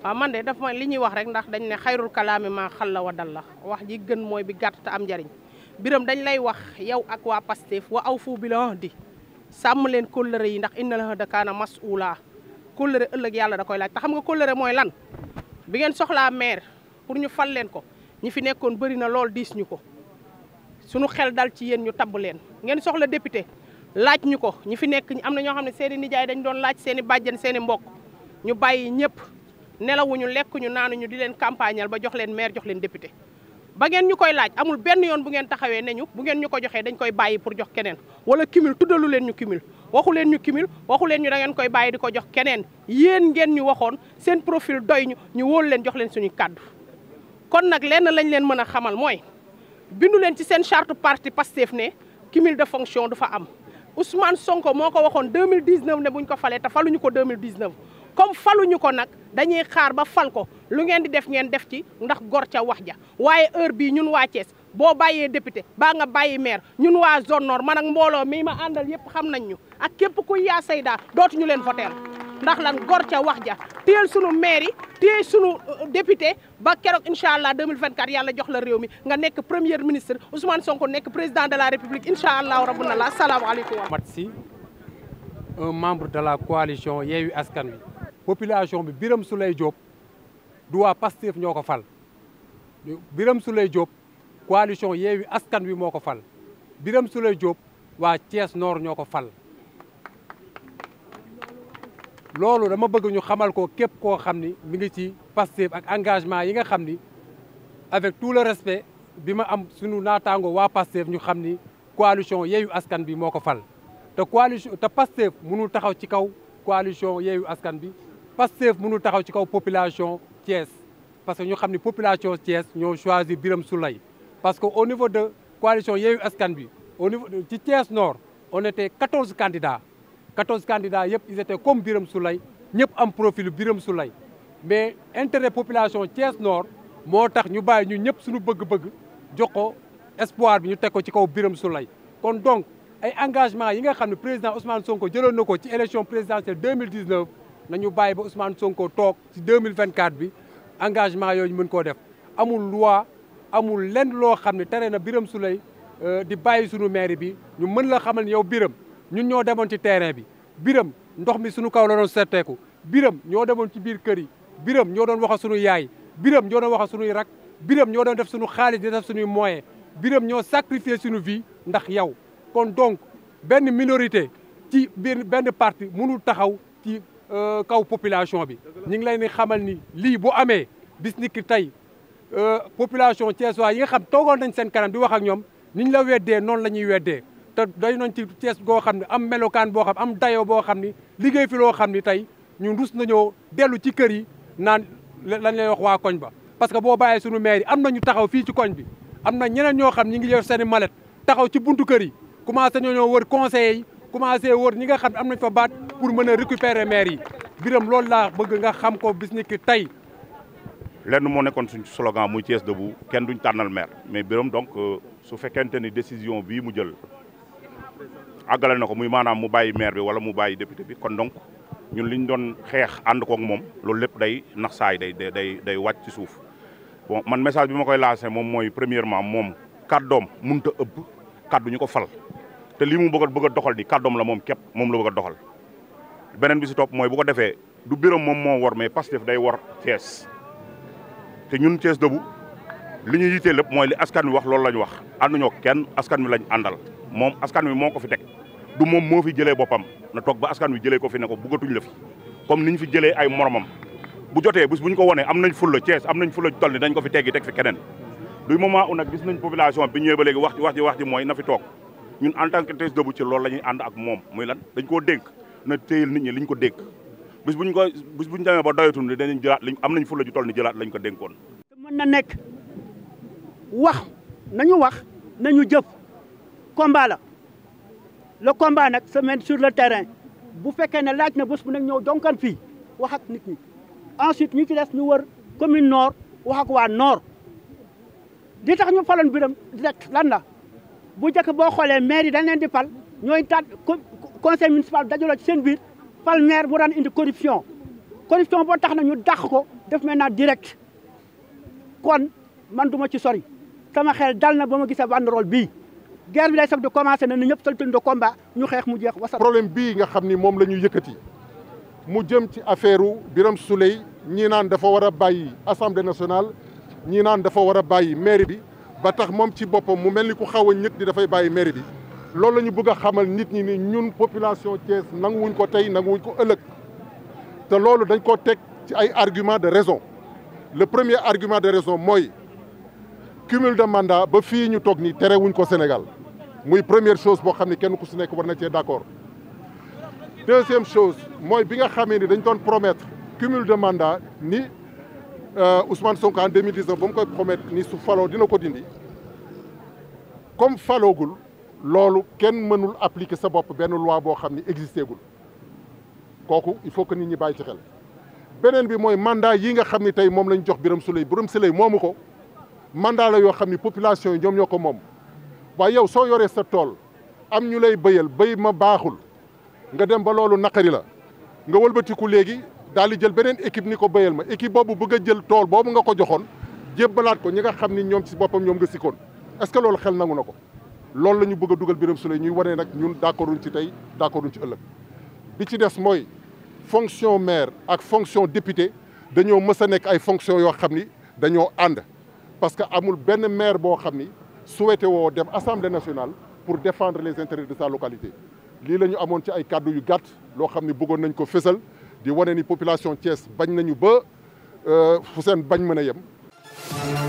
waaw man de dafa ma li ñuy wax rek ndax dañ ne xayrul kalaami maa xal la wa dal la wax ji gën mooy bi gàtt te am njariñ biram dañ lay wax yow ak waa Pastef wa aw fu bi la di sàmm leen kóllëre yi ndax inna la dakaana mas'uula kóllëre ëllëg yàlla da koy laaj te xam nga kóllëre mooy lan bi ngeen soxlaa maire pour ñu fal leen ko ñi fi nekkoon bari na lool diis ñu ko suñu xel dal ci yéen ñu tabb leen ngeen soxla député laaj ñu ko ñi fi nekk am na ñoo xam ne seen i nijaay dañ doon laaj seen i bàjjen seen i ñu bàyyi ñëpp nelawuñu lekkuñu naanuñu di leen campagnal ba jox leen maire jox leen député ba ngeen ñu koy laaj amul benn yoon bu ngeen taxawee ne ñu bu ngeen ñu ko joxee dañ koy bàyyi pour jox keneen wala cumul tuddalu leen ñu cumul waxu leen ñu cumul waxu leen ñu da koy bàyyi di ko jox keneen yéen ngeen ñu waxoon seen profil doy ñu ñu wóolu leen jox leen suñu kàddu kon nag lenn lañ leen mën a xamal mooy bindu leen ci seen charte parti Pastef ne cumul de fonction du am moo ko waxoon 2019 ne buñ ko falee te faluñu ko 2019 comme faluñu ko nag dañuy xaar ba fal ko lu ngeen di def ngeen def ci ndax gor ca wax ja waaye heure bii ñun waa cees boo bàyyee député baa nga bàyyi maire ñun waa zone nord man ak mbooloo mii ma àndal yëpp xam nañ ñu ak képp kuy yaa saydaa dootuñu leen voteel ndax la gor ca wax ja téyel sunu maire yi téyel sunu euh, député ba keroog incha allah 2024 yàlla jox la réew mi nga nekk premier ministre Ousmane Sonko nekk président de la république incha allah rabbuna la salaamaaleykum. Mat si membre de la coalition Yewwi Askan Wi. population bi Birame Souleye Diop du waa ñoo ko fal Birame Souleye Diop coalition Yewwi Askan Wi moo ko fal Birame Souleye Diop waa Thiès Nord ñoo ko fal loolu dama bëgg ñu xamal ko képp koo xam ni mi ngi ci Pastef ak engagement yi nga xam ni avec tout le respect bi ma am sunu naataango waa Pastef ñu xam ni coalition Yewwi Askan bi moo ko fal te coalition te Pastef mënul taxaw ci kaw coalition Yewwi Askan bi Pastef mënul taxaw ci kaw population Thiès parce que ñu xam ne population Thiès ñoo choisir su Souleye parce que au niveau de coalition Yewwi Askan bi au niveau ci Thiès Nord on était 14 candidats 14 candidats yëpp ils comme biram su lay ñëpp am profilu Birame Souleye mais intérêt population Thiès noor moo tax ñu bàyyi ñu ñëpp suñu bëgg-bëgg jox ko espoir bi ñu teg ko ci kaw Birame Souleye kon donc ay engagement yi nga xam ne président o Sonko jëloon na ko ci élection présidentielle 2019 nañu bàyyi ba Ousmane sonkoo toog si ci 2024 bi engagement yooyu mën koo def amul loi amul lenn loo xam ne tere na Birame Souleye euh, di bàyyi sunu mairie bi ñu mën la xamal yow Birame ñun ñoo demoon ci terrain bi biram ndox mi sunu kaw la doon setteeku ñoo demoon ci biir kër yi Birame ñoo doon wax ak sunu yaay Birame ñoo doon wax ak rak Birame ñoo doon def sunu xaalis di def sunuy moyen Birame ñoo sacrifier sunu vie ndax yow kon donc benn minorité ci biir benn parti mënul taxaw ci Euh, kaw population bi ñu ngi leen di xamal ni lii bu amee bis ni ki tey euh, population Thiessois yi nga xam toogoon nañ seen kanam di wax ak ñoom niñ la weddee noonu la ñuy weddee te day nañ ci Thiès goo xam ne am melokaan boo xam am dayo boo xam ni liggéey fi loo xam ni tey ñun rus nañoo dellu ci kër yi naan lañ lay wax waa koñ ba parce que boo bàyyee suñu maire am na ñu taxaw fii ci koñ bi am na ñeneen ñoo xam ñi ngi yor seen i malet taxaw ci buntu kër yi commencé ñoo ñoo wër conseillers commencé wër ñi nga xam ne am nañ fa baat pour mën a récupérer maire yi biram loolu laa bëgg nga xam ko bis ni ki tey lenn moo nekkoon suñ slogan muy Thiès debout kenn duñ tànnal maire mais biram donc euh, su fekkente ni décision bii mu jël àggale na ko muy maanaam mu bàyyi maire bi wala mu bàyyi député bi kon donc ñun li ñu doon xeex ànd koog moom loolu lépp day nax saay day day day wàcc ci suuf bon man message bi ma koy lancé moom mooy premièrement moom kàddoom mënut a ëpp kàddu ñu ko fal te lii mu bëgg a bëgg a doxal ni la moom képp moom la bëgg a doxal beneen bi si topp mooy bu ko defee du biram moom moo war mais Pastef day war cees te ñun Thiès dëbu li ñu yitee lépp mooy li askan wi wax loolu la ñu wax ànduñoo kenn askan wi lañ àndal moom askan wi moo ko fi teg du moom moo fi jëlee boppam na toog ba askan wi jëlee ko fi ne ko bëggatuñ la fi comme ni ñu fi jëlee ay moromam bu jotee bis bu ñu ko wonee am nañ fulla Thiès am nañ fulla toll ni dañ ko fi teggi teg fi keneen du moment où nag gis nañ bi ñëwee ba léegi wax wax ji wax ji mooy na fi toog ñun en tant que Thiès ci loolu la ñuy ànd ak moom muy lan dañ koo dénk na téyel nit ñi liñ ko dénk bis buñ ko bis buñ demee ba doyatun li danañ jëlaat liñ am nañ fulla ju toll ni lañ ko dénkoon te mën na nekk wax nañu wax nañu jëf combat la le combat nag semaine sur le terrain bu fekkee ne laaj na bés bu nag ñëw jonkan fii wax ak nit ñi ensuite ñi ci des ñu wër commune noor wax ak waa nord di tax ñu faloon biram rek lan la bu njëkk boo xoolee maire yi dañ leen di fal ñooy taat conseil municipal dajaloo ci seen biir fal maire bu daan indi corruption corruption boo tax na ñu dàq ko def maintenant direct kon man du ma ci sori sama xel dal na ba ma gisee banderole bii guerre bi day soog di commencé na ni ñëpp solitude de combat ñu xeex mu jeex wasa. problème bii nga xam ni moom la ñu yëkkati mu jëm ci affaire u Birame Souleye ñii naan dafa war a bàyyi assemblée nationale ñii naan dafa war a bàyyi mairie bi ba tax moom ci boppam mu mel ni ku xaw a ñëkk di dafay bàyyi mairie bi. loolu la ñu bëgg xamal nit ñi ni ñun population Thiès nanguwuñ ko tey nanguwuñ ko ëllëg te loolu dañ ko teg ci ay argument de raison le premier argument de raison mooy cumul de mandat ba fii ñu toog ni terewuñ ko Sénégal muy première chose boo xam ne kenn ku si nekk war na cee d'accord deuxième chose mooy bi nga xamee ni dañ doon promettre cumul de mandat ni euh, Ousmane Sonko en 2019 ba mu koy promettre ni su faloo dina ko dindi comme faloogul loolu kenn mënul appliquer sa bopp benn loi boo xam ne existé gul kooku il faut que nit ñi bàyyi ci xel beneen bi mooy mandat yi nga xam ni tey moom lañ jox Birame Souleye Birame Souleye moomu ko mandat la yoo xam ni population yi ñoom ko moom waaye yow soo yoree sa tool am ñu lay bëyal béy ma baaxul nga dem ba loolu naqari la nga wëlbatiku léegi daal di jël beneen équipe ni ko béyal ma équipe boobu bëgg a tool boobu nga ko joxoon jébbalaat ko ñi nga xam ni ñoom ci boppam ñoom nga sikkoon est-ce que loolu xel nangu na ko loolu la ñu bëgg dugal biram Souleye ñuy wane nag ñun d'accorduñ ci tey d'accorduñ ci ëllëg bi ci des mooy fonction maire ak fonction député dañoo mës a nekk ay fonction yoo xam ni dañoo ànd parce que amul benn maire boo xam ni souhaité woo dem assemblée nationale pour défendre les intérêts de sa localité lii la ñu amoon ci ay kàddu yu gàtt loo xam ni bëggoon nañ ko fësal di wane ni population Thiès bañ nañu ba euh, fu seen bañ mën a yem